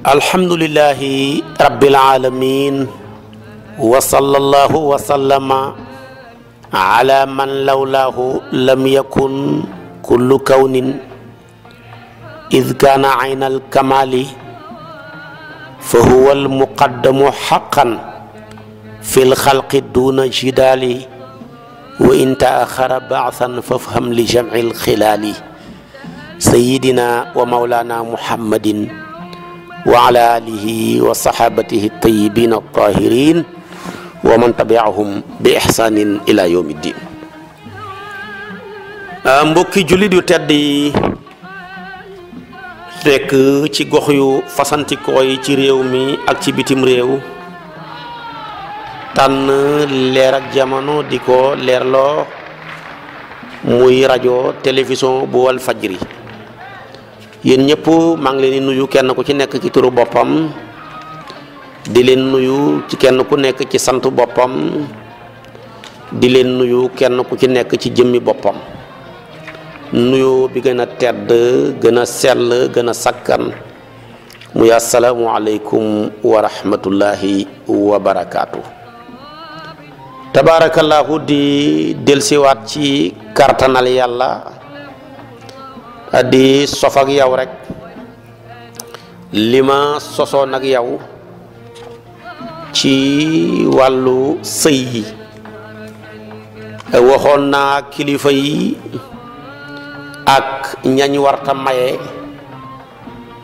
alhamdulilahi rabbil alamin wa sallallahu wa sallama ala man lawlaahu lam yakun kullu kawnin id kaana ayna alkamaali fa huwa almuqaddamu xaqan fi lxalqi duna jidaali wa in taaxara baasan fafham li jamci lxilaali sayidina wa maulana muhammadin wa ala alihi wa saxaabatihi tayibin altahirin wa man tabiahum bi ixsanin ila yawmi ddin mbokki jullit yu tedd yi nekk ci gox yu fasantikoo ci réew mi ak ci bitim réew tànn leer ak jamono di ko leerloo muy rajo télévision bu wal fajri yéen ñëpp maa ngi leen di nuyu kenn ku ci nekk ci turu boppam di leen nuyu kenn ku nekk ci sant boppam di leen nuyu kenn ku ci nekk ci jëmmi boppam nuyoo bi gën a tedd gën a sell gën a sakkan muy asalaamualeykum wa rahmatullahi wa barakaatu. di delsiwaat ci kartanal yàlla di sof ak yow rekk lima ma sosoon ak yow ci wàllu sëy yi waxoon naa kilifa yi. ak ñañ warta maye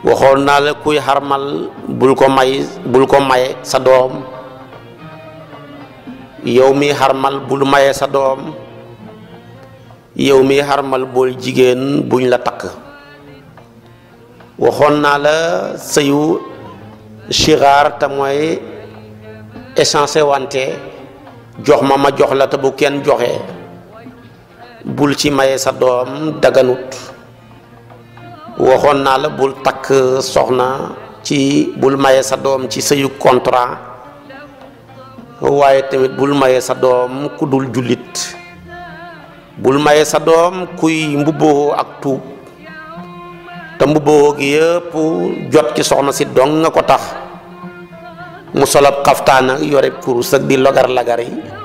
waxoon naa la kuy xarmal bul ko may bul ko may sa doom yow mi xarmal bul maye sa doom yow mi xarmal bul jigéen buñ la takk waxoon naa la sëyu sigaar te mooy échancé wante jox ma ma jox la te bu kenn joxe bul ci maye sa doom daganut waxoon naa la bul takk soxna ci bul maye sa doom ci sëyu contrat waaye tamit bul maye sa doom ku dul jullit bul maye sa doom kuy mbubboo ak tuub te mbubboo gi yëpp jot ci soxna si dong nga ko tax mu solab xaftaan ak yore kurus ak di logar lagar yi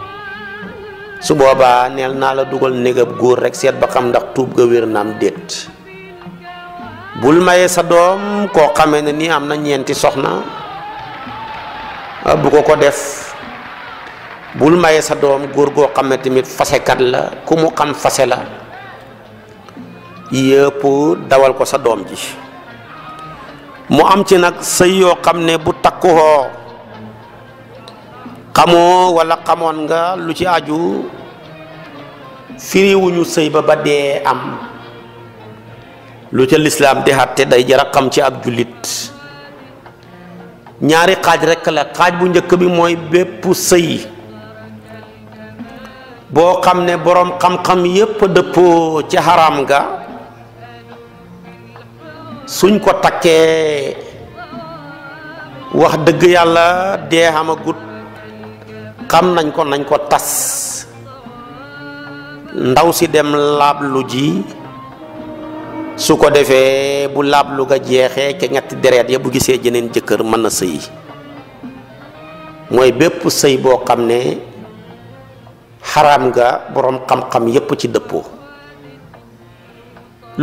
su boobaa neel naa la dugal négab góor rek seet ba xam ndax tuub ga wér naam déet bul maye sa doom koo xamee ne nii am na ñeenti soxna ah, bu ko ko def bul maye sa doom góor goo xam ne tamit fasekat la ku mu xam fase la yëpp dawal ko sa doom ji mu am ci nag sëy yoo xam ne bu takkuwoo xamoo walla xamoon nga lu ci aju firiwuñu sëy ba ba dee am lu ca lislaam di xatte day jara xam ci ab jullit ñaari xaaj rekk la xaaj bu njëkk bi mooy bépp sëy boo xam ne boroom xam-xam yépp dëppoo ca xaram ga suñ ko takkee wax dëgg yàlla dee amagut xam nañ ko nañ ko tas ndaw si dem laablu ji su ko defee bu laablu ga jeexee ke ñetti deret ya bu gisee jeneen jëkkër mën na sëy mooy bépp sëy boo xam ne xaram ga boroom xam-xam yépp ci dëppoo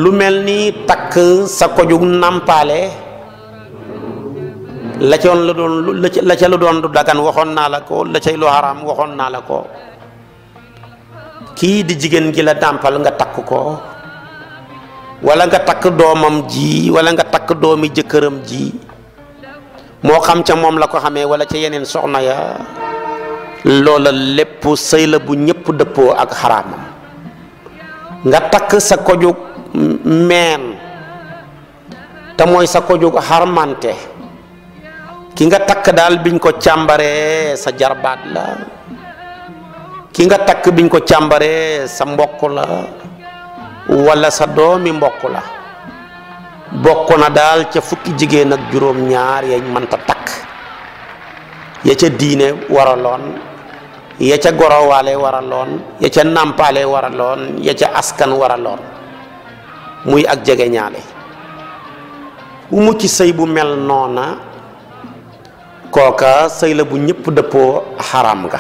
lu mel ni takk sa kojug nàmpaale la doon la ca la doon lu dagan waxoon naa la ko la cay lu xaraam waxoon naa la ko kii di jigéen gi la tàmpal nga takk ko walla nga takk doomam ji wala nga takk doomi jëkkëram ji moo xam ca moom la ko xamee wala ca yeneen soxna ya loola lépp sëy la bu ñépp dëppoo ak xaraamam nga takk sa kojug meen te mooy sa koju xarmante ki nga takk daal biñ ko càmbaree sa jarbaat la ki nga takk biñ ko càmbaree sa mbokk la wala sa doomi mbokk la bokk na daal ca fukki jigéen ak juróom-ñaar yañ mënta takk ya ca diine waraloon ya ca gorowaale waraloon ya ca nàmpaale waraloon ya ca askan waraloon muy ak jege ñaale bu mucc sëy bu mel noona kooka sëy la bu ñëpp dëppoo xaram nga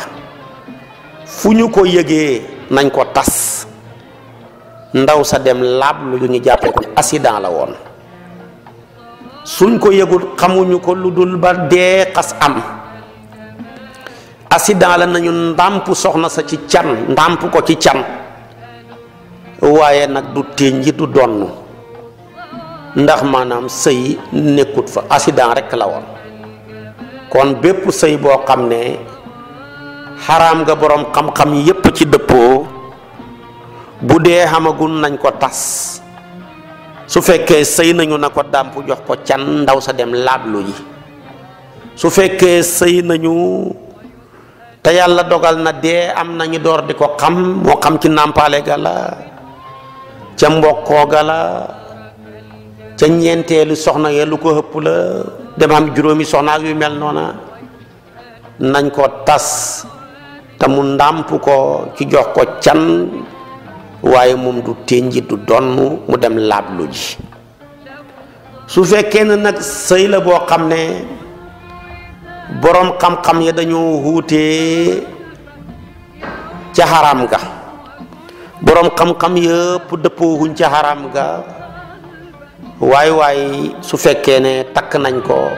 fu ñu ko yëgee nañ ko tas ndaw sa dem laab lu ñu jàppee ko accident la woon suñ ko yëgul xamuñu ko lu dul ba dee xas am accident la nañu ndàmp soxna sa ci can ndàmp ko ci can waaye nag du téeñ yi du donn ndax maanaam sëy nekkut fa accident rekk la woon kon bépp sëy boo xam ne xaraam ga boroom xam-xam yépp ci dëppoo bu dee xamagun nañ ko tas su fekkee sëy nañu na ko dàmp jox ko can ndaw sa dem laablu yi su fekkee sëy nañu te yàlla dogal na dee am nañu door di ko xam moo xam ci nàmpaale ga la ca mbokkoo ga la ca ñeenteelu soxna ya lu ko hëpp la dem am juróomi soxnaak yu mel noona nañ ko tas te mu ndàmp ko ci jox ko can waaye moom du ténji du donn mu dem laablu ji su fekkee ne nag sëy la boo xam ne boroom xam-xam ya dañoo wuutee ca xaraam ga boroom xam-xam yëpp dëppoo wuñ ca xaraam ga waay waay su fekkee ne takk nañ ko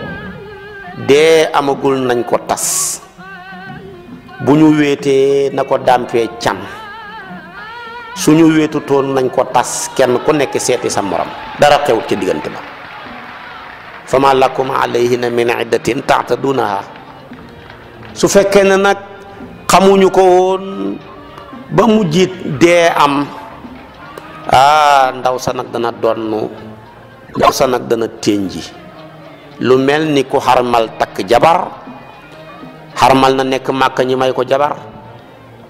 dee amagul nañ ko tas bu ñu wéetee na ko dàmpee can su ñu toon nañ ko tas kenn ku nekk seeti sa morom dara xewut ci diggante ba fama lakum alayhina min du taatadunaha su fekkee ne nag xamuñu ko woon ba mujjit dee am ah ndaw sa nag dana donnu ndaw sa nag dana ténji lu mel ni ku xarmal takk jabar xarmal na nekk màkk ñi may ko jabar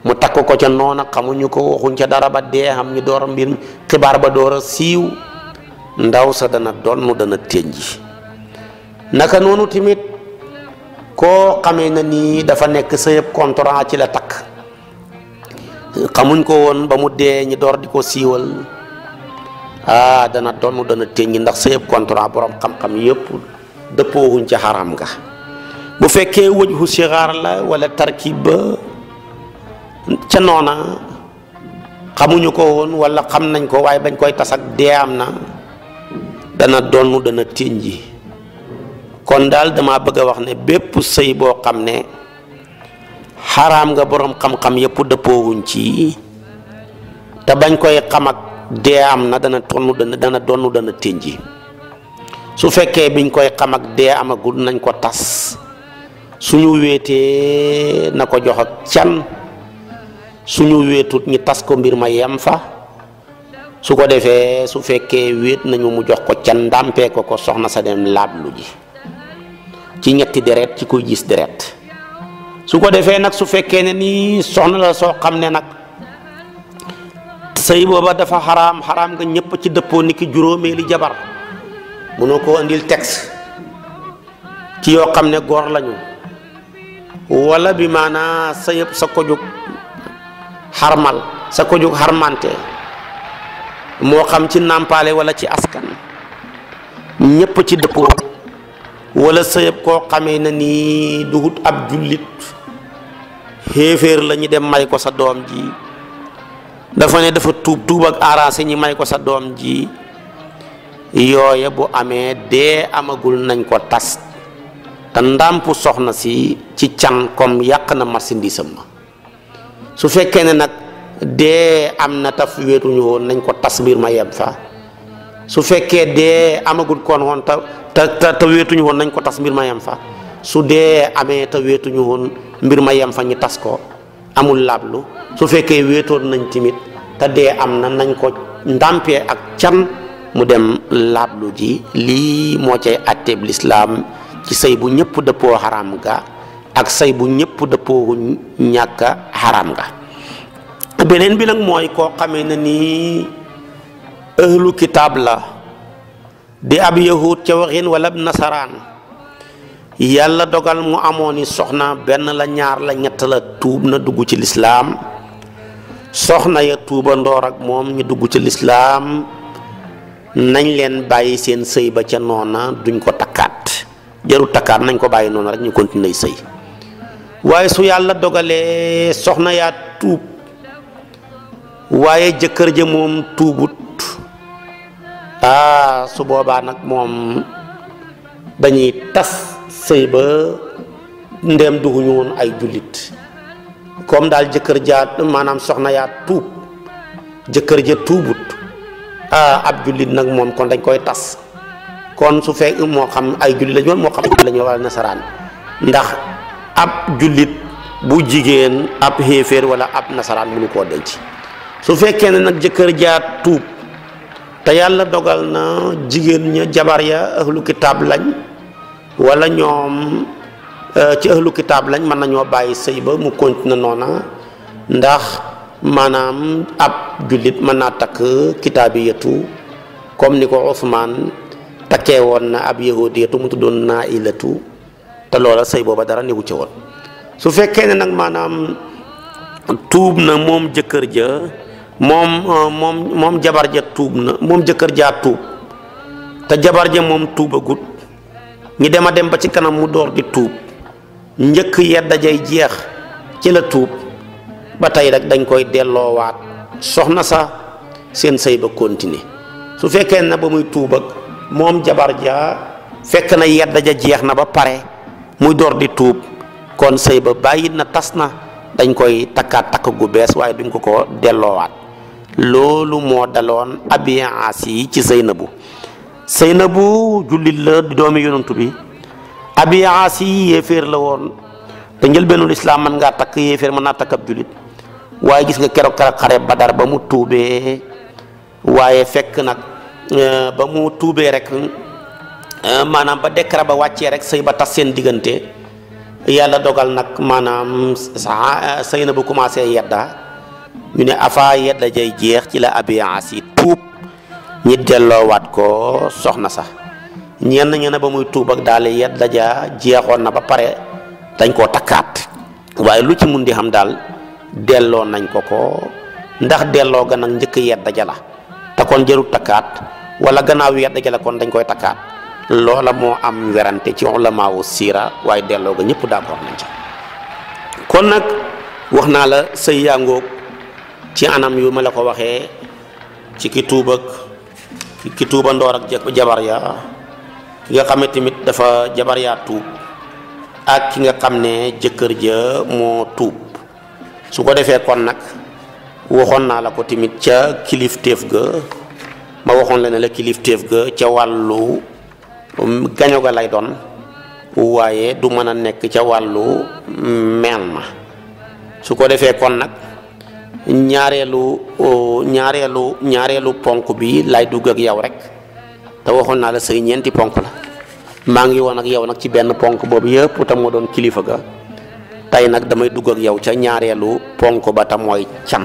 mu takk ko ca noona xamuñu ko waxuñ ca dara ba dee xam ñu door mbir xibaar ba door a siiw ndaw sa dana donn dana ténji naka noonu tamit koo xame na nii dafa nekk sa yëpp contrat ci la takk xamuñ ko woon ba mu dee ñi door di ko siiwal ah dana tonn dana téññi ndax sa yëpp contrat borom xam-xam yëpp dëppoowuñ ci xaram nga bu fekkee wëjhu sigaar la wala tarkib ba ca noona xamuñu ko woon wala xam nañ ko waaye bañ koy tas ak am na dana donn dana téññi kon daal dama bëgg a wax ne bépp sëy boo xam ne xaraam nga boroom xam-xam yëpp dëppoowuñ ci te bañ koy xam ak dee am na dana tonn dana dana donn dana tënji su fekkee biñ koy xam ak dee amagul nañ ko tas suñu wéetee na ko jox ak can suñu wéetut ñi tas ko mbir ma yem fa su ko defee su fekkee wéet nañu mu jox ko can ndàmpee ko ko soxna sa dem laablu ji ci ñetti deret ci koy gis deret su ko defee nag su fekkee ne nii soxna la soo xam ne nag sëy booba dafa xaram xaraam nga ñëpp ci dëppoo ni ki juróomeeli jabar mënoo koo andil texte ci yoo xam ne góor lañu wala bi maanaa sa sa ko jug xarmal sa ko jug xarmante moo xam ci nàmpaale wala ci askan ñëpp ci dëppoo wala sëyëb koo xamee na nii duhut ab jullit xéeféer la dem may ko sa doom ji dafa ne dafa tuub tuub ak arrangé ñi may ko sa doom ji yooya bu amee dee amagul nañ ko tas te ndàmp soxna si ci can comme yàq na marchandise ma su fekkee ne nag dee am na weetuñu woon nañ ko tas biir ma yem su fekkee dee amagul koon woon te te woon nañ ko tas mbir ma yem fa su dee amee te weetuñu woon mbir ma yem fa ñu tas ko amul lablu su fekkee wéetoon nañ timit te dee am na nañ ko ndàmpee ak can mu dem laablu ji lii moo cay àtteeb lislaam ci sëy bu ñëpp dëppoo xaraam ga ak sëy bu ñëpp dëppoo ñàkk xaraam ga beneen bi nag mooy koo xamee na nii ahlu kitaab la di ab yahud ca waxin wala nasaraan yàlla dogal mu amoon i soxna benn la ñaar la ñett la tuub na dugg ci lislaam soxna ya tuuba ak moom ñu dugg ci lislaam nañ leen bàyyi seen sëy ba ca noona duñ ko takkaat jaru takkaat nañ ko bàyyi noona rek ñu continuer sëy waaye su yàlla dogalee soxna yaa tuub waaye jëkkër ja moom tuubut ah su boobaa nag moom dañuy tas sëy ba ndeem duguñu woon ay jullit comme daal jëkkër jaat maanaam soxna yaat tuub jëkkër ja tuubut ah ab jullit nag moom kon dañ koy tas kon su fekk moo xam ay jullit lañu woon moo xam nasaraan ndax ab jullit bu jigéen ab xéeféer wala ab nasaraan mënu koo denc su fekkee ne nag jëkkër jaat tuub te yàlla dogal na jigéen ña jabar ya ahlu kitaab lañ wala ñoom euh, ci ahlu kitaab lañ mën nañoo bàyyi sëy ba mu continue noona ndax maanaam ab jullit mën naa takk kitaabiyatu comme ni ko Usmaan takkee woon na ab yahudiyatu mu tuddoon naa ilatu te loola sëy booba dara newu ci woon su fekkee ne nag maanaam tuub na moom jëkkër ja moom euh, moom moom jabar ja tuub na moom jëkkër jaa tuub te jabar ja moom tuubagut ñi dem a dem ba ci kanam mu door di tuub njëkk yedda jay jeex ci la tuub ba tey rek dañ koy delloowaat soxna sa seen sëy ba continuer su fekkee na ba muy tuub ak moom jabar ja fekk na yedda ja jeex na ba pare muy door di tuub kon sëy ba bàyyi na tas na dañ koy takkaat takk gu bees waaye duñ ko ko delloowaat loolu moo daloon abiyaas yi ci Zeynabu na bu jullit la di doomi yonantu bi Abi yéeféer la woon te njëlbeenul lislaam man ngaa takk yéeféer mën naa takk ab jullit waaye gis nga keroog keroog xare Badar ba mu tuubee waaye fekk nag euh, ba mu tuubee rek euh, maanaam ba dekkara ba wàccee rek sëy ba tas seen diggante yàlla dogal nag maanaam sëy euh, na bu commencé yedda ñu ne afa yedda jay jeex ci la Abi Aasi tuub ñi delloowaat ko soxna sax ñenn ñene ba muy tuub daal yet dajaa jeexoon na ba pare dañ koo takkaat waaye lu ci mun di xam daal delloo nañ ko ko ndax delloo ga nag njëkk yet daja la te kon jarut takkaat wala gannaaw yet daja la kon dañ koy takkaat loola moo am werante ci ulamaawu siira waaye delloo ga ñëpp d'accord nañ ci kon nag wax naa la sëy yaa ngoog ci anam yu ma la ko waxee ci ki tuub ki tuuba ndoor ak jabar ya ki nga xam ne tamit dafa jabar yaa tuub ak ki nga xam ne jëkkër ja moo tuub su ko defee kon nag waxoon naa la ko tamit ca kilifteef ga ma waxoon la ne la kilifteef ga ca wàllu um, gaño ga lay doon waaye du mën a nekk ca wàllu mm, meel ma su ko defee kon nag ñaareelu ñaareelu ñaareelu ponk bi lay dugg ak yow rek te waxoon naa la sëy ñeenti ponk la maa ngi woon ak yow nag ci benn ponk boobu yëpp tam moo doon kilifa ga tey nag damay dugg ak yow ca ñaareelu ponk ba te mooy can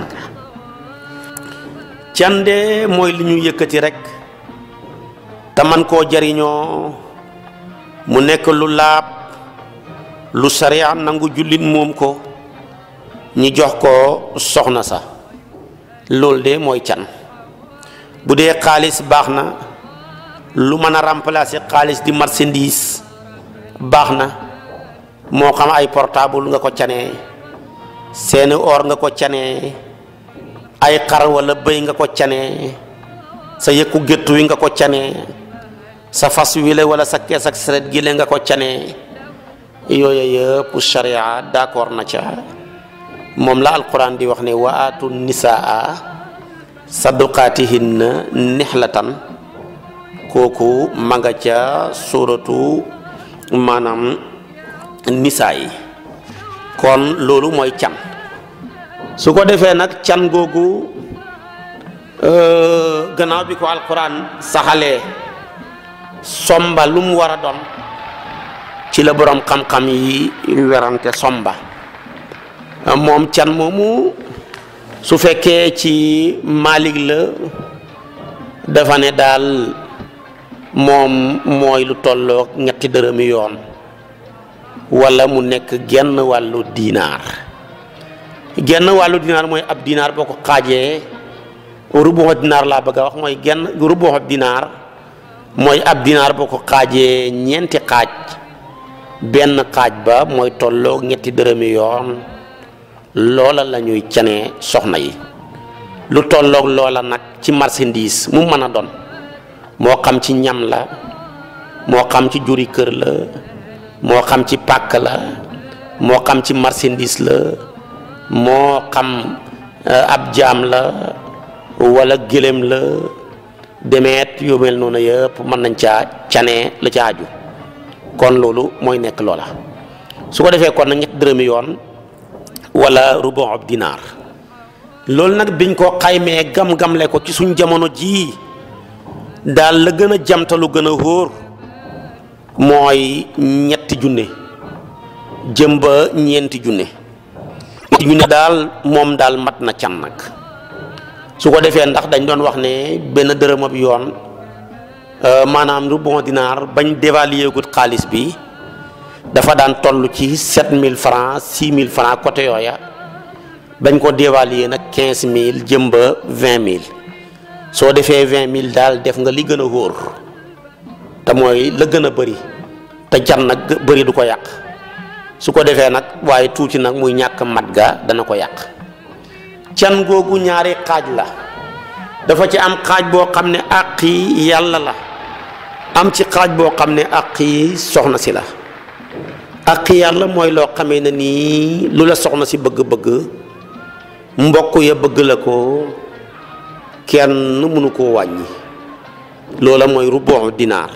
can de mooy li ñu yëkkati rek te man koo jariñoo mu nekk lu laab lu sariya nangu jullit moom ko ñi jox ko soxna sa loolu de mooy can bu dee xaalis baax na lu mën a remplacer xaalis di marchandise baax na moo xam ay portable nga ko canee seeni or nga ko canee ay xar walla bëy nga ko canee sa yëkku gétt wi nga ko canee sa fas wi la walla sa kees ak seret gi la nga ko canee yooyu yëpp charia d'accord na ca moom la alquran di wax ne wa aatu nisaa saduqaatihinna nixlatan kooku ma nga ca suuratu maanaam nisaa yi kon loolu mooy can su ko defee nag can googu euh, gannaaw bi ko alquran saxalee somba lu mu war a doon ci la boroom xam-xam yi werante somba moom can moomu su fekkee ci Malik la dafa ne daal moom mooy lu tolloog ñetti dërëmi yoon wala mu nekk genn wàllu dinaar genn wàllu dinaar mooy ab dinaar boo ko xaajee rubuxu dinaar laa bëgg a wax mooy genn rubuxu dinaar mooy ab dinaar boo ko xaajee ñeenti xaaj benn xaaj ba mooy tolloog ñetti dërëmi yoon loola la ñuy canee soxna yi lu tollook loola nag ci marchandise mu mën a doon moo xam ci ñam la moo xam ci juri kër la moo xam ci pàkk la moo xam ci marchandise la moo xam euh, ab jaam la walla gëléem la demeet yu noonu yëpp mën nañ caa canee la ca aju kon loolu mooy nekk loola su ko defee kon nag ñett dërëmi yoon wala ak dinaar loolu nag biñ ko xaymee gam-gamle ko ci suñ jamono jii daal la gën a jamtalu gën a wóor mooy ñetti junne jëm ba ñeenti junne junne daal moom daal mat na can nag su ko defee ndax dañ doon wax ne benn dërëm ab yoon euh, maanaam rubu' dinaar bañ dévaluer gut xaalis bi dafa daan tollu ci sept mille francs six mille francs côté yooya bañ ko dévaluer nag quinze mille jëmba vingt mille soo defee vingt mille daal def nga li gën a wóor te mooy la gën a bëri te jan nag bëri du ko yàq su ko defee nag waaye tuuti nag muy ñàkk mat ga dana ko yàq can googu ñaari xaaj la dafa ci am xaaj boo xam ne àq yàlla la am ci xaaj boo xam ne àq soxna si la ak xiyaar la mooy loo xamee na nii lu la soxna si bëgg-bëgg mbokk ya bëgg la ko kenn mënu koo wàññi loola mooy rubu dinaar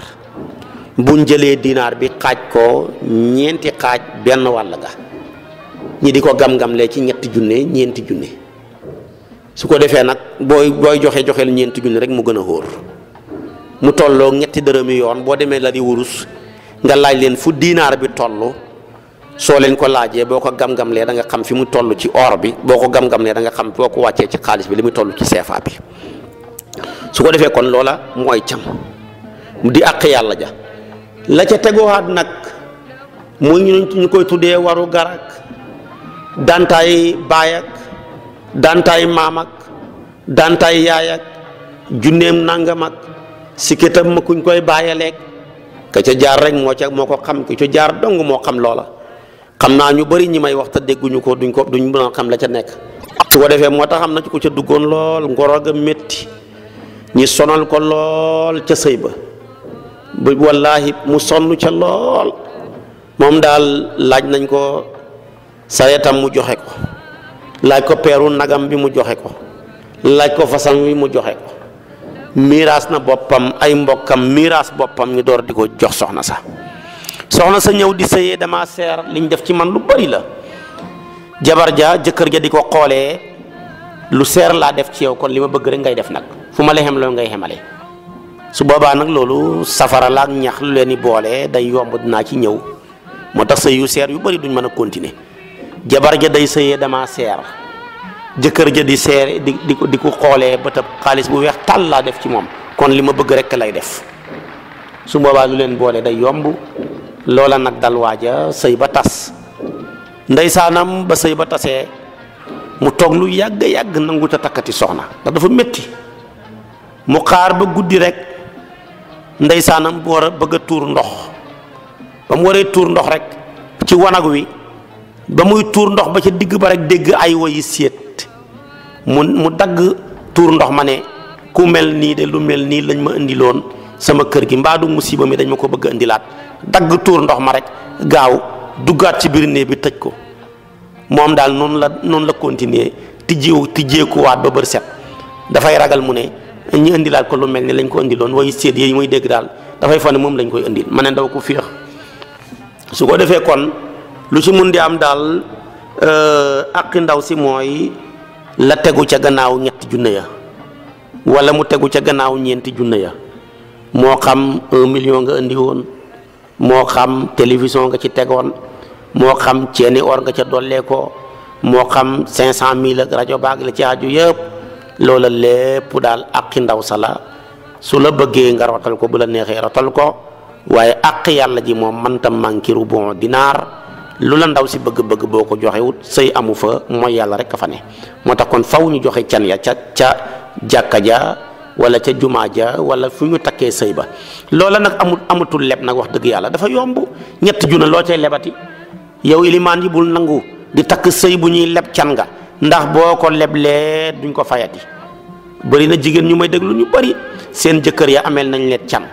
bu jëlee dinaar bi xaaj ko ñeenti xaaj benn wàll ga ñi di ko gam-gamlee ci ñetti junne ñeenti junne su ko defee nag booy booy joxe joxeel ñeenti junne rek mu gën a xóor mu tolloo ñetti dërëmi yoon boo demee la di wurus nga laaj leen fu diinaar bi toll soo leen ko laajee boo ko gam-gamlee da nga xam fi mu toll ci or bi boo ko gam-gamlee da nga xam boo ko wàccee ci xaalis bi li mu tollu ci CFA bi su ko defee kon loola mooy cam di àq yàlla ja la ca teguwaat nag muy ñu koy tuddee waru garak dantaay baayak dantaay maamak dantaay yaayak junneem nangamak sikkitam ma kuñ koy bàyyaleeg ka ca jaar rek moo ca moo ko xam ku ca jaar dong moo xam loola xam naa ñu bari ñi may wax te dégguñu ko duñ ko duñ mën a xam la ca nekk. su ko defee moo tax am na ci ko ca duggoon lool ngoro ga metti ñi sonal ko lool ca sëy ba bu wallaahi mu sonn ca lool moom daal laaj nañ ko sareetam mu joxe ko laaj ko peeru nagam bi mu joxe ko laaj ko façon bi mu joxe ko. miiraas na boppam ay mbokkam miiraas boppam ñu door di ko jox soxna sa soxna sa ñëw di sëyee dama seer liñ def ci man lu bari la jabar ja jëkkër ja di ko xoolee lu seer laa def ci yow kon li ma bëgg rek ngay def nag fu ma la xem loolu ngay xemale su boobaa nag loolu safara la ak ñax lu leen di boole day yomb dinaa ci ñëw moo tax sëy yu seer yu bari duñ mën a continuer jabar ja day sëyee dama seer jëkkër ja di seere di di ko di ko xoolee ba tab xaalis bu weex tàll laa def ci moom kon li ma bëgg rek lay def su boobaa lu leen boole day yomb loola nag dal waaja sëy ba tas ndeysaanam ba sëy ba tasee mu toog lu yàgg yàgg nangut a takkati soxna ndax dafa metti mu xaar ba guddi rek ndeysaanam bu war a bëgg tuur ndox ba mu waree tuur ndox rek ci wanag wi ba muy tuur ndox ba ca digg ba rek dégg ay woyi séet mu mu dagg tuur ndox ma ne ku mel nii de lu mel nii lañ ma indiloon sama kër gi mbaadu musiba mi dañ ma ko bëgg indilaat dagg tuur ndox ma rek gaaw duggaat ci biir néeg bi tëj ko moom daal noonu la noonu la continuer tijjiw tijjeekuwaat ba bër set dafay ragal mu ne ñu indilaat ko lu mel ni lañ ko indiloon waaye séet yi muy dégg daal dafay fa ne moom lañ koy indil ma ne ndaw ko féex su ko defee kon lu ci mun di am daal àqi euh, ndaw si mooy la tegu ca gannaaw ñetti junne ya wala mu tegu ca gannaaw ñeenti junne ya moo xam un million nga indi woon moo xam télévision nga ci tegoon moo xam ceeni or nga ca dolleekoo moo xam cinq cent mille rajo baag la ci aju yëpp loola lépp daal aqi ndaw sala su la bëggee nga rotal ko bu la neexee rotal ko waaye aq yàlla ji moom manta mankiru bon dinaar lu la ndaw si bëgg-bëgg boo ko joxewut sëy amu fa mooy yàlla rek a fa ne moo tax kon faw ñu joxe can ya ca ca jàkka ja wala ca jumaa ja wala fu ñu takkee sëy ba loola nag amul amatul leb nag wax dëgg yàlla dafa yomb ñett junne loo cay lebati yow ilimaan yi bul nangu di takk sëy bu ñuy leb can nga ndax boo ko leblee duñ ko fayati bëri na jigéen ñu may déglu ñu bëri seen jëkkër ya ameel nañ leen can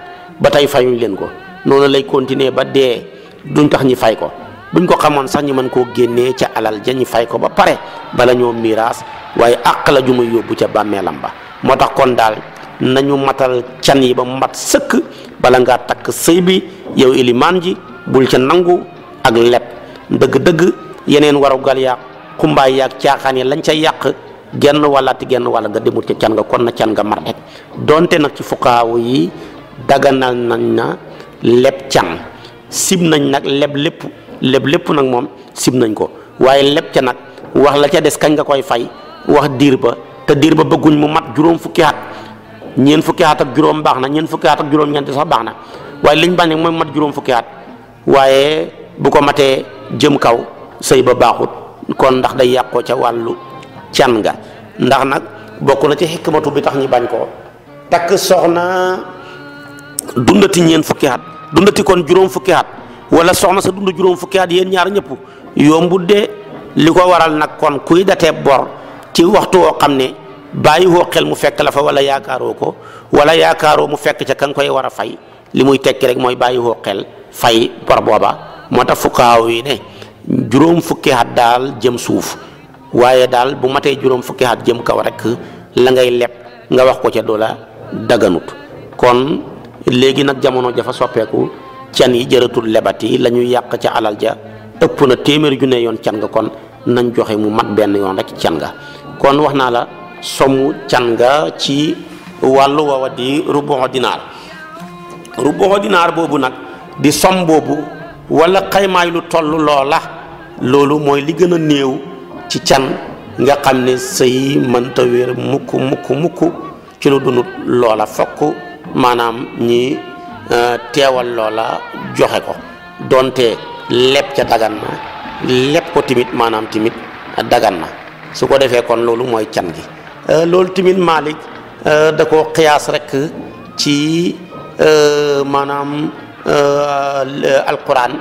ba tey fayuñ leen ko noonu lay continuer ba dee duñ ñi fay ko buñ ko xamoon sax ñu man koo génnee ca alal ja ñu fay ko ba pare bala ñoo miiraas waaye àq la ju muy yóbbu ca bàmmeelam ba moo tax kon daal nañu matal can yi ba mat sëkk bala ngaa takk sëy bi yow ilimaan ji bul ca nangu ak leb dëgg-dëgg yeneen warugal yaa xumbaay yaag caaxaan yi lañ ca yàq genn wàllaati genn wàll nga demul ca can nga kon na can nga mar rek donte nag ci fukkaawu yi daganal nañ na leb can sib nañ nag leb lépp leb lépp nag moom sib nañ ko waaye leb ca nag wax la ca des kañ nga koy fay wax diir ba te diir ba bëgguñ mu mat juróom fukki at ñeent fukki at ak juróom baax na ñeent fukki at ak juróom-ñeent baax na waaye liñ bañ mooy mat juróom fukki at waaye bu ko matee jëm kaw sëy ba baaxut kon ndax day yàqoo ca wàllu can nga ndax nag bokk na ci xikmatu bi tax ñi bañ koo takk soxna dundati ñeent fukki at dundati kon juróom fukki at wala soxna sa dund juróom fukki at yéen ñaar ñëpp yombut de li ko waral nag kon kuy datee bor ci waxtu woo xam ne bàyyi woo xel mu fekk la fa wala yaakaaroo ko wala yaakaaroo mu fekk ca ka nga koy war a fay li muy tekki rek mooy bàyyi woo xel fay bor booba moo tax fukkaaw yi ne juróom fukki at daal jëm suuf waaye daal bu matee juróom fukki at jëm kaw rek la ngay leb nga wax ko ca doola daganut kon léegi nag jamono jafa soppeeku can yi jëratul lebat yi la ñuy yàq ca alal ja ëpp na téeméer ju ne yoon can nga kon nañ joxe mu mat benn yoon rek can nga kon wax naa la somu can nga ci wàllu woowa di rubuxu dinaar rubuxu dinaar boobu nag di som boobu wala xaymaay lu toll loola loolu mooy li gën a néew ci can nga xam ne sëy mënta wér mukk mukk mukk ci lu dunut loola fokk maanaam ñi teewal loola joxe ko donte lépp ca dagan na lépp ko timit maanaam timit dagan na su ko defee kon loolu mooy can gi euh, loolu timit Malik euh, da koo xiyaas rek ci euh, maanaam alquran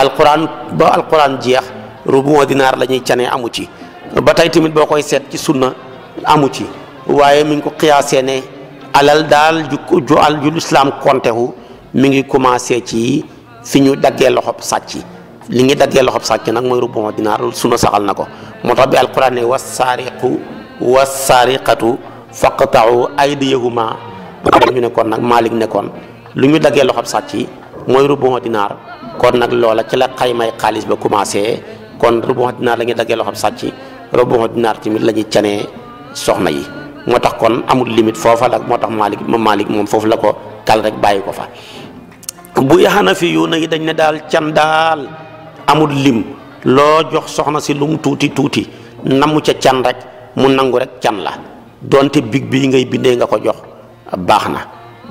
alquran ba alquran jeex rubu dinaar la ñuy canee amu ci ba tey tamit boo koy seet ci sunna amu ci waaye mu ngi ko xiyaasee ne alal daal ju ju al ju lislaam kontewu mi ngi commencé ci fi ñu daggee loxob sàcc li ngi daggee loxob sàcc nag mooy rubbu dinaar sunu saxal na ko moo tax bi al alquran ne wassaariqu wassaariqatu faqta'u aydiyahuma ñu ne kon nag Maalik ne kon lu ñu daggee loxob sàcc mooy rubbu dinaar kon nag loola ci la xaymay xaalis ba commencé kon rubbu dinaar la ñuy daggee loxob sàcc rubbu dinaar tamit la ñuy canee soxna yi moo tax kon amul limite foofa la moo tax Maalik moom Maalik moom foofu la ko kal rek bàyyi ko fa bu yaxana fi yu na yi dañ ne daal can daal amul lim loo jox soxna si lu tuuti tuuti namu ca can rek mu nangu rek can la donte big bi ngay bindee nga ko jox baax na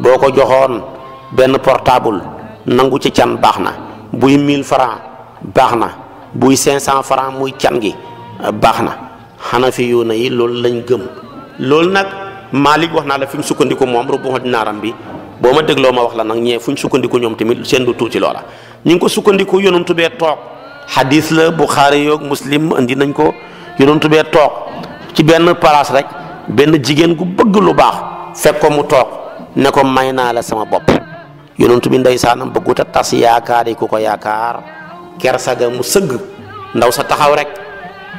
boo ko joxoon benn portable nangu ci can baax na buy 1000 francs baax na buy 500 francs muy can gi baax na xana fi yu na yi loolu lañ gëm loolu nag Malik wax naa la fi mu sukkandiku moom rubu dinaaram bi boo ma dégloo ma wax la nag ñee fu ñu sukkandiku ñoom tamit seen lu tuuti loola ñu ngi ko sukkandiku yonantu bee toog xadis la buxaari yoog muslim indi nañ ko yonantu bee toog ci benn place rek benn jigéen gu bëgg lu baax fekk ko mu toog ne ko may naa la sama bopp yonantu bi ndeysaanam bëggut a tas yaakaar yi ku ko yaakaar kersaga mu sëgg ndaw sa taxaw rek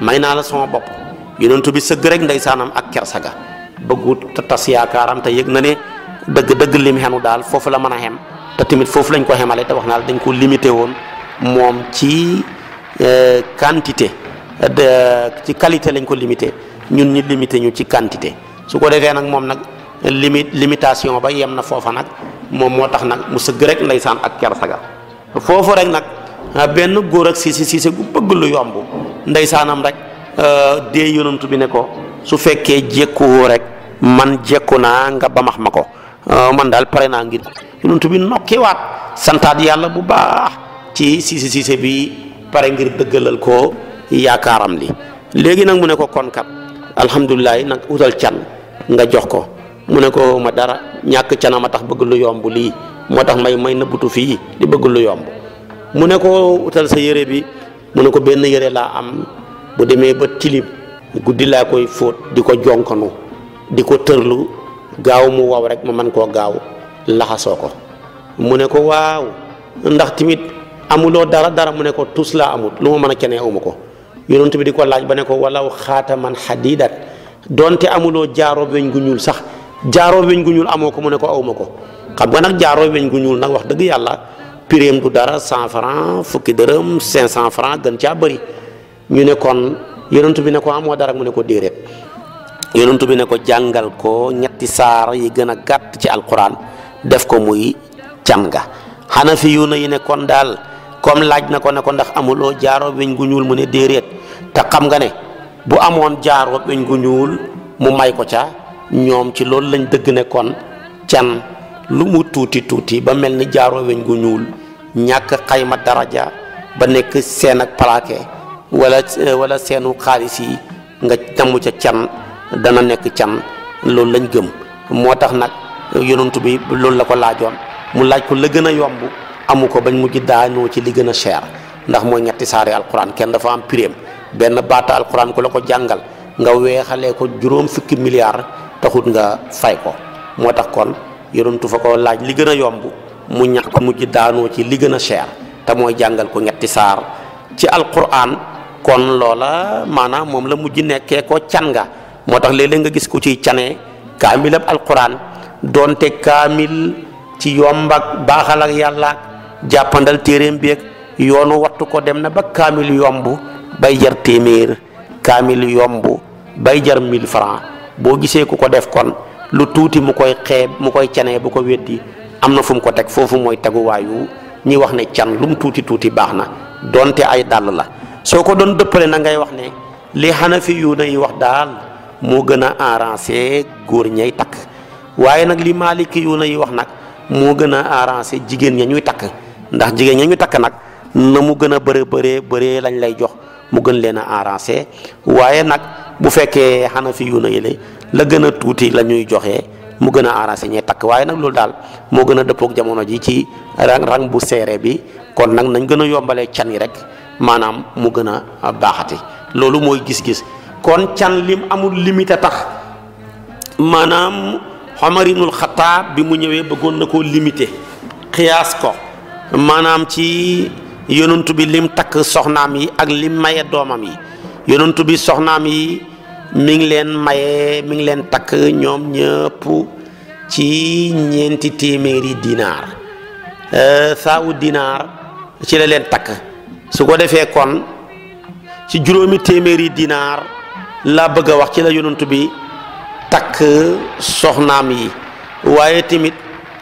may naa la sama bopp yonantu bi sëgg rek ndeysaanam ak kersaga bëggut a tas yaakaaram te yëg na ne dëgg dëgg lim daal foofu la mën a xem te tamit foofu lañ ko xemale te wax naa dañ ko limité woon moom ci euh, quantité ci qualité lañ ko limité ñun ñi limité ñu ci quantité su ko defee nag moom nag limi limitation ba yem na foofa nag moom moo tax nag mu sëgg rek ndeysaan ak kersaga foofu rek nag ah, benn góor ak siise siise gu bëgg lu yomb ndeysaanam rek euh, dee yonantu bi ne ko su fekkee jékkuwoo rek man jékku naa nga bamax ma ko Ah, man daal pare naa ngir yonent bi nokkiwaat santaat yàlla bu baax ci siise siise bi pare ngir dëggalal ko yaakaaram li léegi nag mu ne ko konkat alhamdulilah nag utal can nga jox ko mu ne ko ma dara ñàkk cana ma tax bëgg lu yomb lii moo tax may may nëbbutu fii di bëgg lu yomb mu ne ko utal sa yére bi mu ne ko benn yére laa am bu demee ba tilib guddi laa koy fóot di ko jonkanu di ko tërlu gaaw mu waw rek ma man koo gaaw laxasoo ko mu ne ko waaw ndax timit amuloo dara dara mu ne ko tus laa amut lu ma mën a kenee uma ko yonent bi di ko laaj ba ne ko walaw xaataman xadidat donte amuloo jaaroo weñ gu ñuul sax jaaroo weñ gu ñuul amoo ko mu ne ko awma ko xam nga nag jaaroo weñ gu ñuul nag wax dëgg yàlla prime du dara cent franc fukki dërëm cinq cent franc gën caa bëri ñu ne kon yonent bi ne ko amoo dara mu ne ko déedéet yonent bi ne ko jàngal ko ñetti saar yi gën a gàtt ci alquran def ko muy cam ga xana yu na yi nekkoon daal comme laaj na ko ne ndax amuloo jaaroo weñ gu ñuul mu ne déeréet te xam nga ne bu amoon jaaroo weñ gu ñuul mu may ko ca ñoom ci loolu lañ dëgg nekkoon can lu mu tuuti tuuti ba mel ni jaaroo weñ gu ñuul ñàkk xayma daraja ba nekk seen ak plaqué wala seenu xaalis yi nga namu ca can dana nekk can loolu lañ gëm moo tax nag yonent bi loolu la ko laajoon mu laaj ko la gën a yomb amu ko bañ mujj daanoo ci li gën a cher ndax mooy ñetti saari alquran kenn dafa am pireem benn baata alquran la ko jàngal nga weexalee ko juróom fukki milliards taxut nga fay ko moo tax kon yonentu fa ko laaj li gën a yomb mu ñàkk mujj daanoo ci li gën a cher te mooy jàngal ko ñetti saar ci alquran kon loola maanaam moom la mujj nekkee ko can nga moo tax léeg-léeg nga gis ku ciy canee kaamil al alquran doonte kaamil ci yomb ak baaxal ak yàlla ak jàppandal téeréem bi ak yoonu wattu ko dem na ba kaamil yomb bay jar téeméer kaamil yomb bay jar mille francs boo gisee ku ko def kon lu tuuti mu koy xeeb mu koy canee bu ko weddi am na fu mu ko teg foofu mooy teguwaayu ñi wax ne can lum tuuti tuuti baax na donte ay dàll la soo ko doon dëppale na wax ne li xanafi yu nay wax daal moo gën a arrangé góor ñay takk waaye nag li maaliki yu na yi wax nag moo gën a arrangé jigéen ña ñuy takk ndax jigéen ña ñuy takk nag na mu gën a bëree bëree bëree lañ lay jox mu gën leen a arrangé waaye nag bu fekkee xanafi yu na la gën a tuuti la ñuy joxe mu gën a arrangé ñee takk waaye nag loolu daal moo gën a dëppoog jamono ji ci rang rang bu seere bi kon nag nañ gën a yombalee can yi rek maanaam mu gën a baaxati loolu mooy gis-gis. kon can lim amul limite tax maanaam Omar xataa bi mu ñëwee bëggoon na koo limité xiyaas ko maanaam ci yonantu bi lim takk soxnaam yi ak lim maye doomam yi yonantu bi soxnaam yi mi ngi leen maye mi ngi leen takk ñoom ñëpp ci ñeenti téeméeri dinaar euh, saawu dinaar ci la leen takk su ko defee kon ci juróomi téeméeri dinaar laa bëgg a wax ci la yonent bi takk soxnaam yi waaye tamit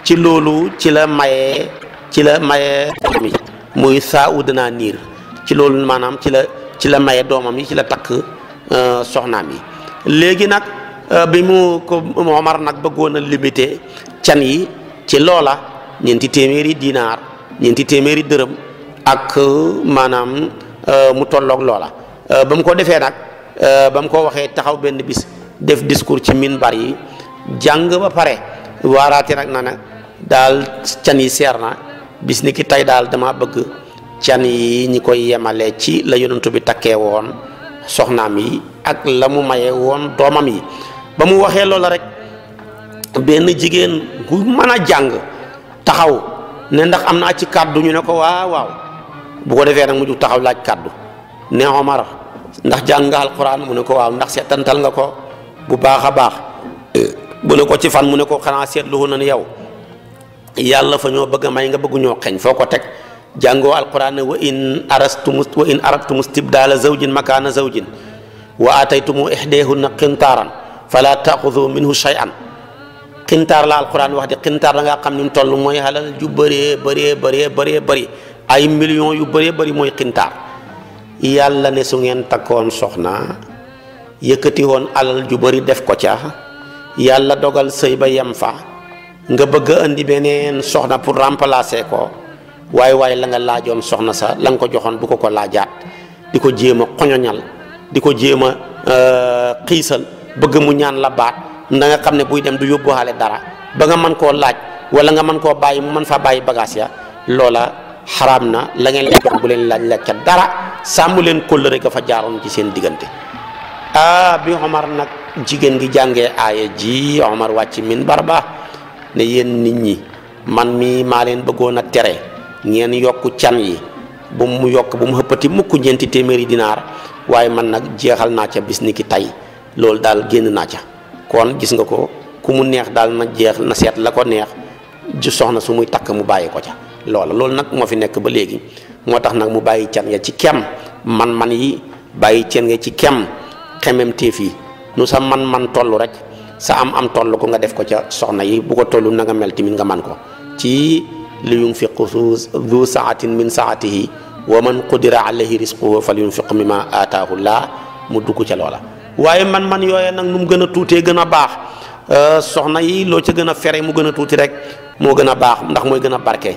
ci loolu ci la maye ci la mayee mi muy saa u niir ci loolu maanaam ci la ci la maye doomam yi ci la takk euh, soxnaam yi léegi nag euh, bi mu ko Omar nag bëggoon a limité can yi ci loola ñeenti téeméeri dinaar ñeenti téeméeri dërëm ak euh, maanaam mu tolloog loola ba mu ko defee nag Euh, ba mu ko waxee taxaw benn bis def discours ci minbar yi jàng ba pare waaraate nag na nag daal can yi seer na bis ni ki tey daal dama bëgg can yi ñi koy yemale ci la yonentu bi takkee woon soxnaam yi ak la mu mayee woon doomam yi ba mu waxee loola rek benn jigéen gu mën jàng taxaw ne ndax am naa ci kàddu ñu ne ko waaw waaw bu ko defee nag mu jug taxaw laaj kàddu ne Omar ndax jàng nga alquran mu ne ko waaw ndax seetantal nga ko bu baax a baax bu ne ko ci fan mu ne ko xanaa seetlu na ne yow yàlla fa ñoo bëgg may nga bëgg ñoo foo ko teg jàngoo alquran ne wa in arastumu wa in aradtumu istibdaala zawjin makaana zawjin wa aataytumu ihdeehunna qintaaran fala taaxudu minhu shay'an qintaar la alquran wax di qintaar da ngaa xam ni mu toll mooy xalal ju bëree bëree bëree bëree bëri ay millions yu bëree bëri mooy qintaar yàlla ne su ngeen takkoon soxna yëkkati woon alal ju bari def ko ca yàlla dogal sëy ba yem fa nga bëgg a indi beneen soxna pour remplacer ko waaye waaye la nga laajoon soxna sax la nga ko joxoon bu ko ko laajaat di ko jéem a xoñoñal di ko jéem a euh, xiisal bëgg mu ñaan la baat na nga xam ne buy dem du yóbbuwaale dara ba nga mën koo laaj wala nga mën koo bàyyi mu mën faa bàyyi bagage ya loola xaraam na la ngeen lekkoon bu leen laaj laaj ca dara sàmm leen kóllëre ga fa jaaroon ci seen diggante ah bi Omar nag jigéen gi jànge aaya ji Omar wàcc min barba ne yéen nit ñi man mi maa leen bëggoon a tere ngeen yokk can yi bu mu yokk bu mu xëppati mukk ñeenti téeméeri dinaar waaye man nag jeexal naa ca bis ni ki tey loolu daal génn naa ca kon gis nga ko ku mu neex daal na jeex na seet la ko neex ju soxna su muy takk mu bàyyi ko ca loola loolu nag moo fi nekk ba léegi moo tax nag mu bàyyi can nga ci kem man-man yi bàyyi can nga ci kem xememtéef yi nu sa man-man toll rek sa am-am toll ko nga def ko ca soxna yi bu ko toll na nga mel tamit nga man ko ci li yunfiq du saatin min saatihi wa man qudira alayhi risquhu fal yunfiq mimma aataahu laa mu dugg ca loola waaye man-man yooye nag nu mu gën a tuutee gën a baax euh, soxna yi loo ca gën a fere mu gën a tuuti rek moo gën a baax ndax mooy gën a barke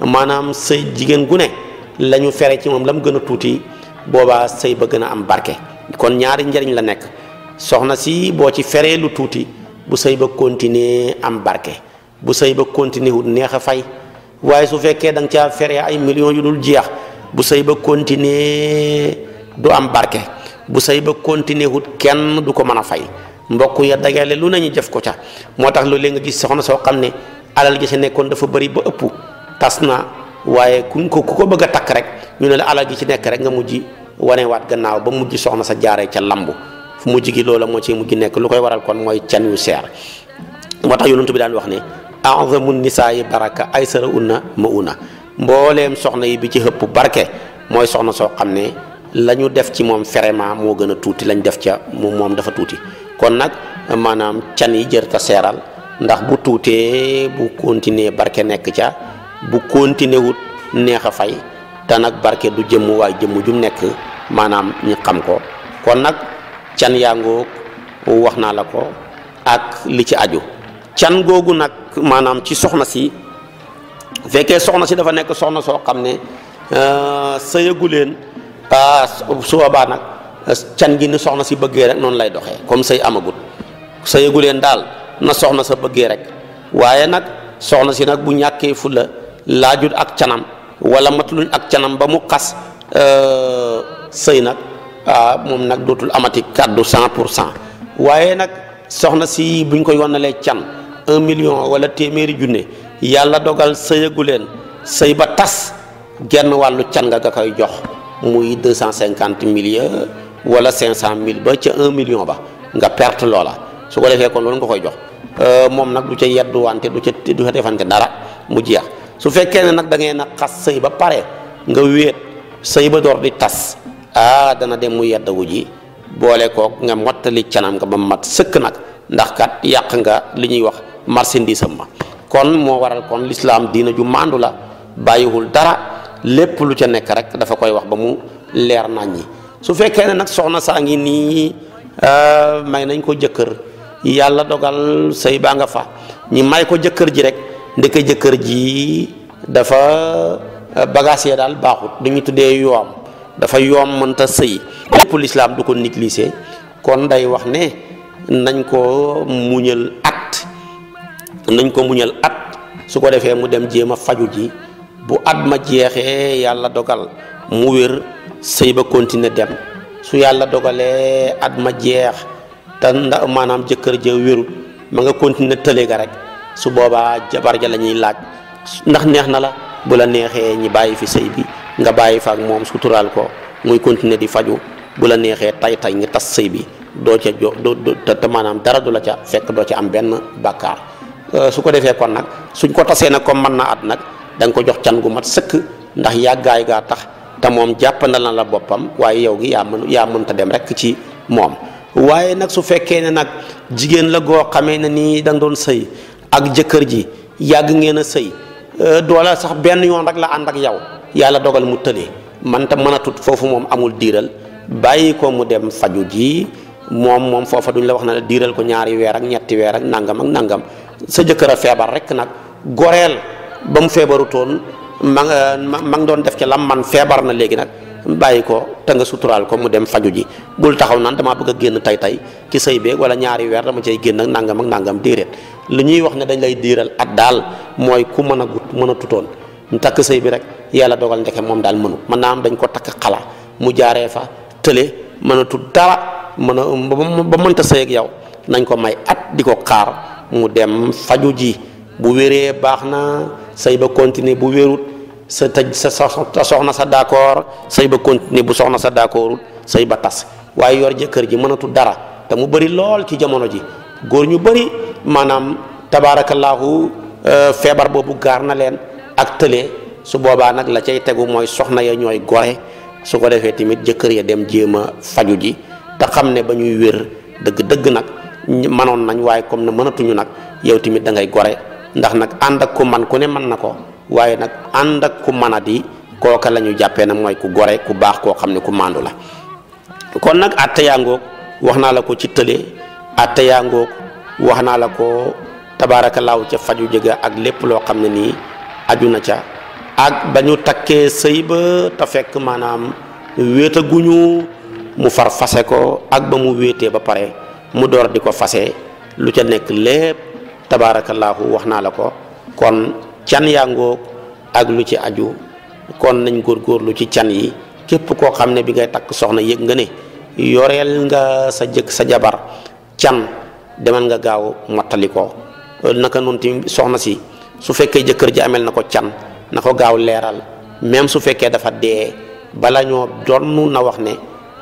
maanaam sëy jigéen gu ne la ñu fere ci moom la mu gën a tuuti boobaa sëy ba gën a am barke kon ñaari njariñ la nekk soxna si boo ci feree lu tuuti bu sëy ba continuer am barke bu sëy ba continuer wut neex a fay waaye su fekkee da nga caa feree ay millions yu dul jeex bu sëy ba continuer du am barke bu sëy ba continuer wut kenn du ko mën a fay mbokk ya dagale lu nañu jëf ko ca moo tax loolu léegi nga gis soxna soo xam ne alal gi sa nekkoon dafa bëri ba ëpp tas na waaye ku ko ku ko bëgg a takk rek ñu ne la alal gi ci nekk rek nga mujj wanewaat gannaaw ba mujj soxna sa jaaree ca lambu fu mujj gi loola moo ci mujj nekk lu koy waral kon mooy can yu seer moo tax yonent bi daan wax ne azamu nisaa yi baraka ay sara unna ma una mbooleem soxna yi bi ci hëpp barke mooy soxna soo xam ne la ñu def ci moom vraiment moo gën a tuuti lañ def ca moom moom dafa tuuti kon nag maanaam can yi jër ta seeral ndax bu tuutee bu continuer barke nekk ca bu continué wut neex a fay te nag barke du jëmm waaye jëmm jum nekk maanaam ñu xam ko kon nag can yaa ngoog wax naa la ko ak li ci aju can googu nag maanaam ci soxna si fekkee soxna si dafa nekk soxna soo xam ne euh, sëyagu leen su baa nag can gi ni soxna si bëggee rek noonu lay doxee comme say amagut sëyagu leen daal na soxna sa bëggee rek waaye nag soxna si nag bu ñàkkee fulla laajut ak canam wala matluñ ak canam ba mu xas euh, sëy nag ah moom nag dootul amati kàddu cent pour cent waaye nag soxna si buñ ko yonalee can un million wala téeméeri junne yàlla dogal sëyagu leen sëy ba tas genn wàllu can nga nga koy jox muy deux cent cinquante mille wala cinq cent mille ba ca un million ba nga perte loola su ko defee kon loolu nga koy jox euh, moom nag du ca yedduwante du du ca defante dara mu jeex su fekkee ne nag da ngeen a xas sëy ba pare nga wéet sëy ba door di tas ah dana dem mu yeddagu ji boole kook nga mottali canam nga ba mat sëkk nag ndax kat yàq nga li ñuy wax marchandise ma kon moo waral kon lislaam diina ju màndu la bàyyiwul dara lépp lu ca nekk rek dafa koy wax ba mu leer nañ ñi su fekkee ne nag soxna saa ngi nii ah, may nañ ko jëkkër yàlla dogal sëy baa nga fa ñi may ko jëkkër ji rek ndeke jëkkër ji dafa euh, bagaas ya daal baaxut du ñu tuddee yoom dafa yoom mënta sëy lépp lislaam du ko négligé kon day wax ne nañ ko muñal at nañ ko muñal at su ko defee mu dem jéem a faju ji bu at ma jeexee yàlla dogal mu wér sëy ba continuer dem su yàlla dogalee at ma jeex te ndax maanaam jëkkër ja wérut ma nga continuer tële ga rek su boobaa jabar ja lañuy laaj ndax neex na la bu la neexee ñi bàyyi fi sëy bi nga bàyyi fa ak moom tural ko muy continuer di faju bu la neexee tay tay nga tas sëy bi doo ca jo doo maanaam dara du la ca fekk doo ca am benn bàkkaar euh, su ko defee kon nag suñ ko tasee nag comme mën na at nag danga ko jox can gu mat sëkk ndax yàggaay gaa tax te moom jàpp na la boppam waaye yow gi yaa mën yaa mënta dem rek ci moom waaye nag su fekkee ne nag jigéen la goo xamee ne nii da nga doon sëy ak jëkkër ji yàgg ngeen a sëy euh, doola sax benn yoon rek la ànd ak yow yàlla dogal mu tële manta mën a foofu moom amul diiral bàyyi ko mu dem faju ji moom moom foofa duñ la wax na la diiral ko ñaari weer ak ñetti weer ak nangam ak nangam sa jëkkër a feebar rek nag goreel ba mu feebaru toon ma ma ngi doon def ci lam man feebar na léegi nag bàyyi ko te nga suturaal ko mu dem faju ji bul taxaw naan damaa bëgg a génn tey tay ci sëy beeg wala ñaari weer dama cay génn ak nangam ak nangam déedéet li ñuy wax ne dañ lay diiral at daal mooy ku mën a gut mën a tutoon ñu takk sëy bi rek yàlla dogal ndeke moom daal mënu mën naa am dañ ko takk xalaa mu jaaree fa tële mën a tut dara mën ba mënta sëy ak yow nañ ko may at di ko xaar mu dem faju ji bu wéree baax na sëy ba continuer bu wérut sa tëj sa soxna sa d'accord sëy ba continuer bu soxna sa d'accordul sëy ba tas waaye yor jëkkër ji mënatul dara te mu bëri lool ci jamono ji góor ñu bëri maanaam tabaarakallaahu euh, feebar boobu gaar na leen ak tële su boobaa nag la cay tegu mooy soxna ya ñooy gore su ko defee tamit jëkkër ya dem jéem a faju ji te xam ne ba ñuy wér dëgg-dëgg nag manoon nañ waaye comme ne mënatuñu nag yow tamit da ngay gore ndax nag ànd ak ku man ku ne mën na ko waaye nag ànd ak ku manadi kooka la ñu jàppee nag mooy ku gore ku baax koo xam ne ku màndu la kon nag atte yaa ngoog wax naa la ko ci tële atte wax naa la ko tabaarakallaahu ca faju jëga ak lépp loo xam ne nii aju na ca ak ba ñu takkee sëy ba te fekk maanaam wéetaguñu mu far fase ko ak ba mu wéetee ba pare mu door di ko fase lu ca nekk lépp tabaarakallaahu wax naa la ko kon can yaa ngoog ak lu ci aju kon nañ góor góorgóorlu ci can yi képp koo xam ne bi ngay takk soxna yëg nga ne yoreel nga sa jëkk sa jabar can demal nga gaaw mottali naka noonu tamit soxna si su fekkee jëkkër ji ameel na ko can na ko gaaw leeral même su fekkee dafa dee bala ñoo donn na wax ne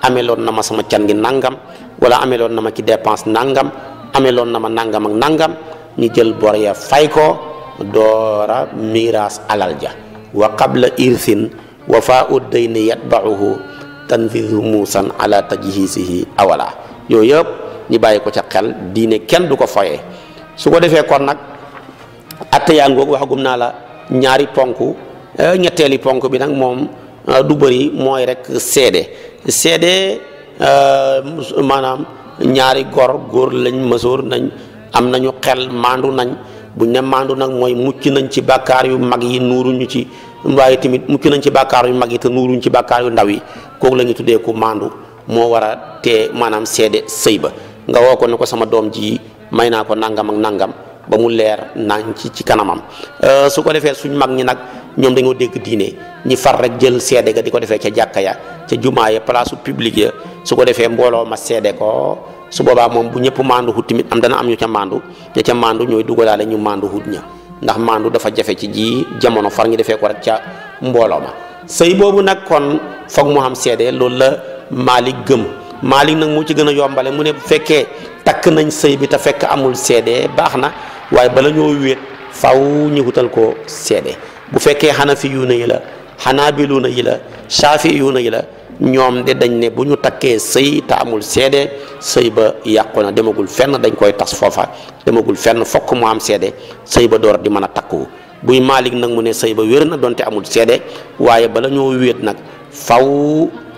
ameloon na ma sama can gi nangam wala ameloon na ma ki dépense nangam ameloon na ma nangam ak nangam ñu jël bor ya fay ko doora miiraas alal ja wa qabla irsin wafa u dayni yatbauhu tanfidu muusan ala tajhisihi awala yooyu yëpp ñu bàyyi ko ca xel diine kenn du ko foye su ko defee kon nag atte yaa ngoog waxagum naa la ñaari ponk eh, ñetteeli ponk bi nag moom eh, du bëri mooy rek seede seede eh, maanaam ñaari gor góor lañ mësoor nañ am nañu xel maandu nañ buñ ne maandu nag mooy mucc nañ ci bakkaar yu mag yi ñu ci waaye tamit mucc nañ ci bàkkaar yu mag yi te nuuruñ ci bàkkaar yu ndaw yi kooku la ñu tuddee ku maandu moo war a tee maanaam seede sëy ba nga woo ko ne ko sama doom ji may naa ko nangam ak nangam ba mu leer nañ ci ci kanamam euh, su ko defee suñ mag ñi nag ñoom dañoo dégg diine ñi far rek jël seede ga di ko defee ca jàkka ya ca jumaa ya place publique ya su ko defee mbooloo ma seede ko su boobaa moom bu ñëpp maandu xut tamit am dana am ñu ca maandu ña ca maandu ñooy dugalaale ñu maandu xut ña ndax maandu dafa jafe ci ji jamono far ñu defee ko rek ca mbooloo ma sëy boobu nag kon foog mu am seede loolu la Malick gëm Malick nag mu ci gën a yombale mu ne bu fekkee takk nañ sëy bi te fekk amul seede baax na waaye bala ñoo wéet faw ñu wutal ko seede bu fekkee xanafi yu na yi la xanaabiluuna yi la saafi yu na yi la ñoom de dañ ne bu ñu takkee sëy te amul seede sëy ba yàqu na demagul fenn dañ koy tas foofa demagul fenn fokk mu am seede sëy ba door di mën a takku buy Maalik nag mu ne sëy ba wér na donte amul seede waaye bala ñoo wéet nag faw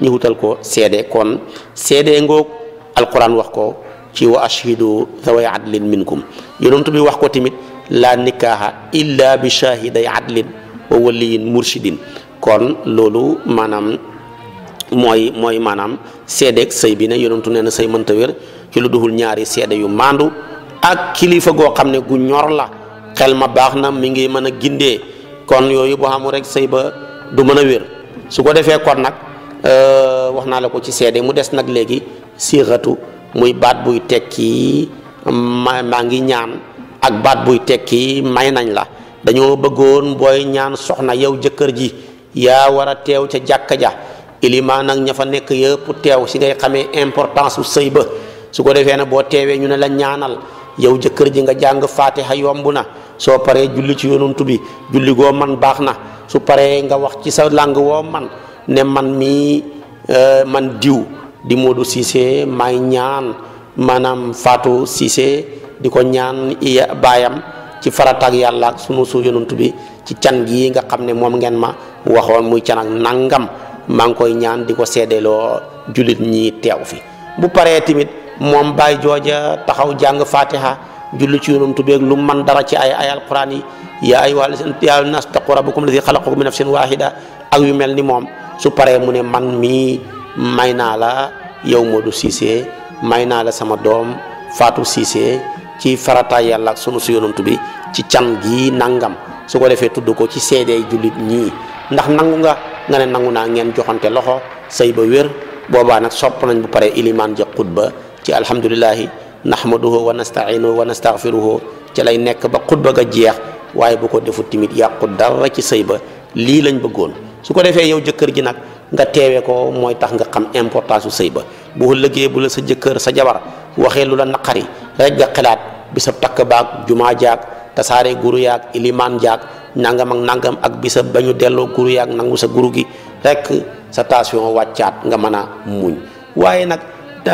ñu wutal ko seede kon seede ngoog alquran wax ko ci wa ashhidu zaway adlin minkum yonent bi wax ko tamit laa nikaaha illa bi shahiday adlin wa waliyin murshidin kon loolu maanaam mooy mooy maanaam seedeeg sëy bi ne yonentu nee na sëy mënta wér ci lu duhul ñaari seede yu maandu ak kilifa goo xam ne gu ñor la xel ma baax na mu ngi mën a gindee kon yooyu boo xamul rek sëy ba mën a wér su ko defee kon nag euh, wax naa la ko ci seede mu des nag léegi siixatu muy baat buy tekki ma maa ngi ñaan ak baat buy tekki may nañ la dañoo bëggoon booy ñaan soxna yow jëkkër ji yaa war a teew ca jàkk ja ilimaan nag ña fa nekk yëpp teew si ngay xamee importance su sëy ba su ko defee na boo teewee ñu ne la ñaanal yow jëkkër ji nga jàng faatiha yomb na soo paree julli ci yonantu bi julli goo man baax na su paree nga wax ci sa làng woo man ne man mii euh, man diw di Modou Cissé may ñaan maanaam faatu Cissé di ko ñaan baayam ci farataak yàlla ak sunu su yonantu bi ci can gii nga xam ne moom ngeen ma waxoon muy can nangam maa ngi koy ñaan di ko seedeloo jullit ñii teew fi bu paree tamit moom baay jooja taxaw jàng fatiha julli ci yonum tubeeg lu man dara ci ay ay alquran yi yaa ay wàll seen yaa nas taqu rabbakum alladi xalaqakum min nafsin waahida ak yu mel ni moom su paree mu ne man mii may naa la yow Modou Cissé may naa la sama doom Fatou Cissé ci farataay yàlla ak sunu si yonumtu bi ci can gi nangam su ko defee tudd ko ci seedey jullit ñii ndax nangu nga nga ne nangu naa ngeen joxante loxo sëy ba wér boobaa nag sopp nañ bu pare ilimaan ja xutba ci alhamdulilahi nahmaduhu wa nastainuhu wa nastaghfiruhu ci lay nekk ba xutba ga jeex waaye bu ko defut timit yàqu dara ci sëy ba lii lañ bëggoon su ko defee yow jëkkër ji nag nga teewee ko mooy tax nga xam importance su sëy ba bu liggéey bu la sa jëkkër sa jabar waxee lu la naqari rek nga xalaat bi sa takk baag jumaa jaag tasaare guru yaag ilimaan jaag nangam ak nangam ak bisa ba ñu delloo guru yaak nangu sa guru gi rek sa tension wàccaat nga mën a hmm. muñ waaye nag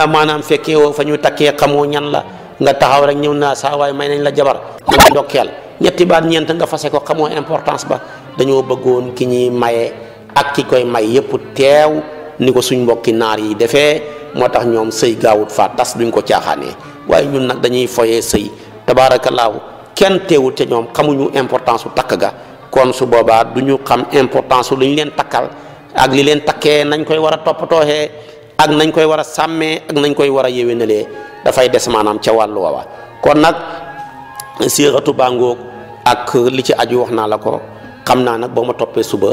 maanaam fekkee woo fa ñu takkee xamoo ñan la nga taxaw rek ñëw naa saa waaye may nañ la jabar nga ñetti baat ñeent nga fase ko xamoo importance ba dañoo bëggoon ki ñuy maye ak ki koy may yépp teew ni ko suñ mbokki naar yi defee moo tax ñoom sëy gaawut faa tas ko caaxaanee waaye ñun nag dañuy foyee sëy tabaarakallaahu kenn teewul te ñoom xamuñu importance su takk ga kon su boobaa du ñu xam importance su lu ñu leen takkal ak li leen takkee nañ koy war a toppatooxee ak nañ koy war a sàmmee ak nañ koy war a yéwénalee dafay des maanaam ca wàllu woowa kon nag siiratu bàngoog ak li ci aju wax naa la ko xam naa nag boo ma toppee suba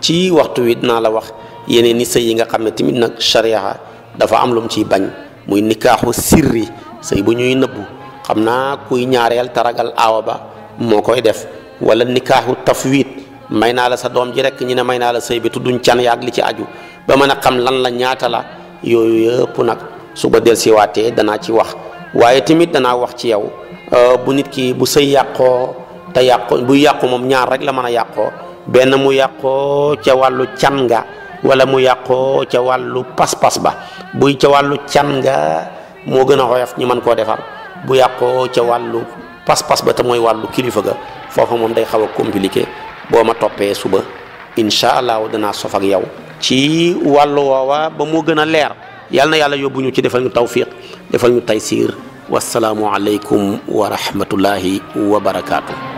ci waxtu wi dinaa la wax yeneen ni sëy yi nga xam ne tamit nag charia dafa am lu mu ciy bañ muy nikaaxu sirri sëy bu ñuy nëbbu xam naa kuy ñaareel ragal aawa ba moo koy def wala taf tafwid may naa la sa doom ji rek ñu ne may naa la sëy bi tudduñ can yaag li ci aju ba mën a xam lan la ñaata la yooyu yëpp nag su ba del siwaatee danaa ci wax waaye tamit danaa wax ci yow euh, bu nit ki bu sëy yàqoo te yàqoo buy yàqu moom ñaar rek la mën a yàqoo benn mu yàqoo ca wàllu can nga wala mu yàqoo ca wàllu pas-pas ba buy ca wàllu can nga moo gën a xoyof ñu mën koo defar bu yàqoo ca wàllu pas-pas ba te mooy wàllu kilifa ga foofa moom day xaw a compliqué boo ma toppee suba incha allah danaa sof ak yow ci wàllu woowa ba moo gën a leer yàlla yàlla yóbbu ñu ci defal ñu tawfiq defal ñu taysiir wasalaamualeykum wa rahmatullahi wa barakaatu.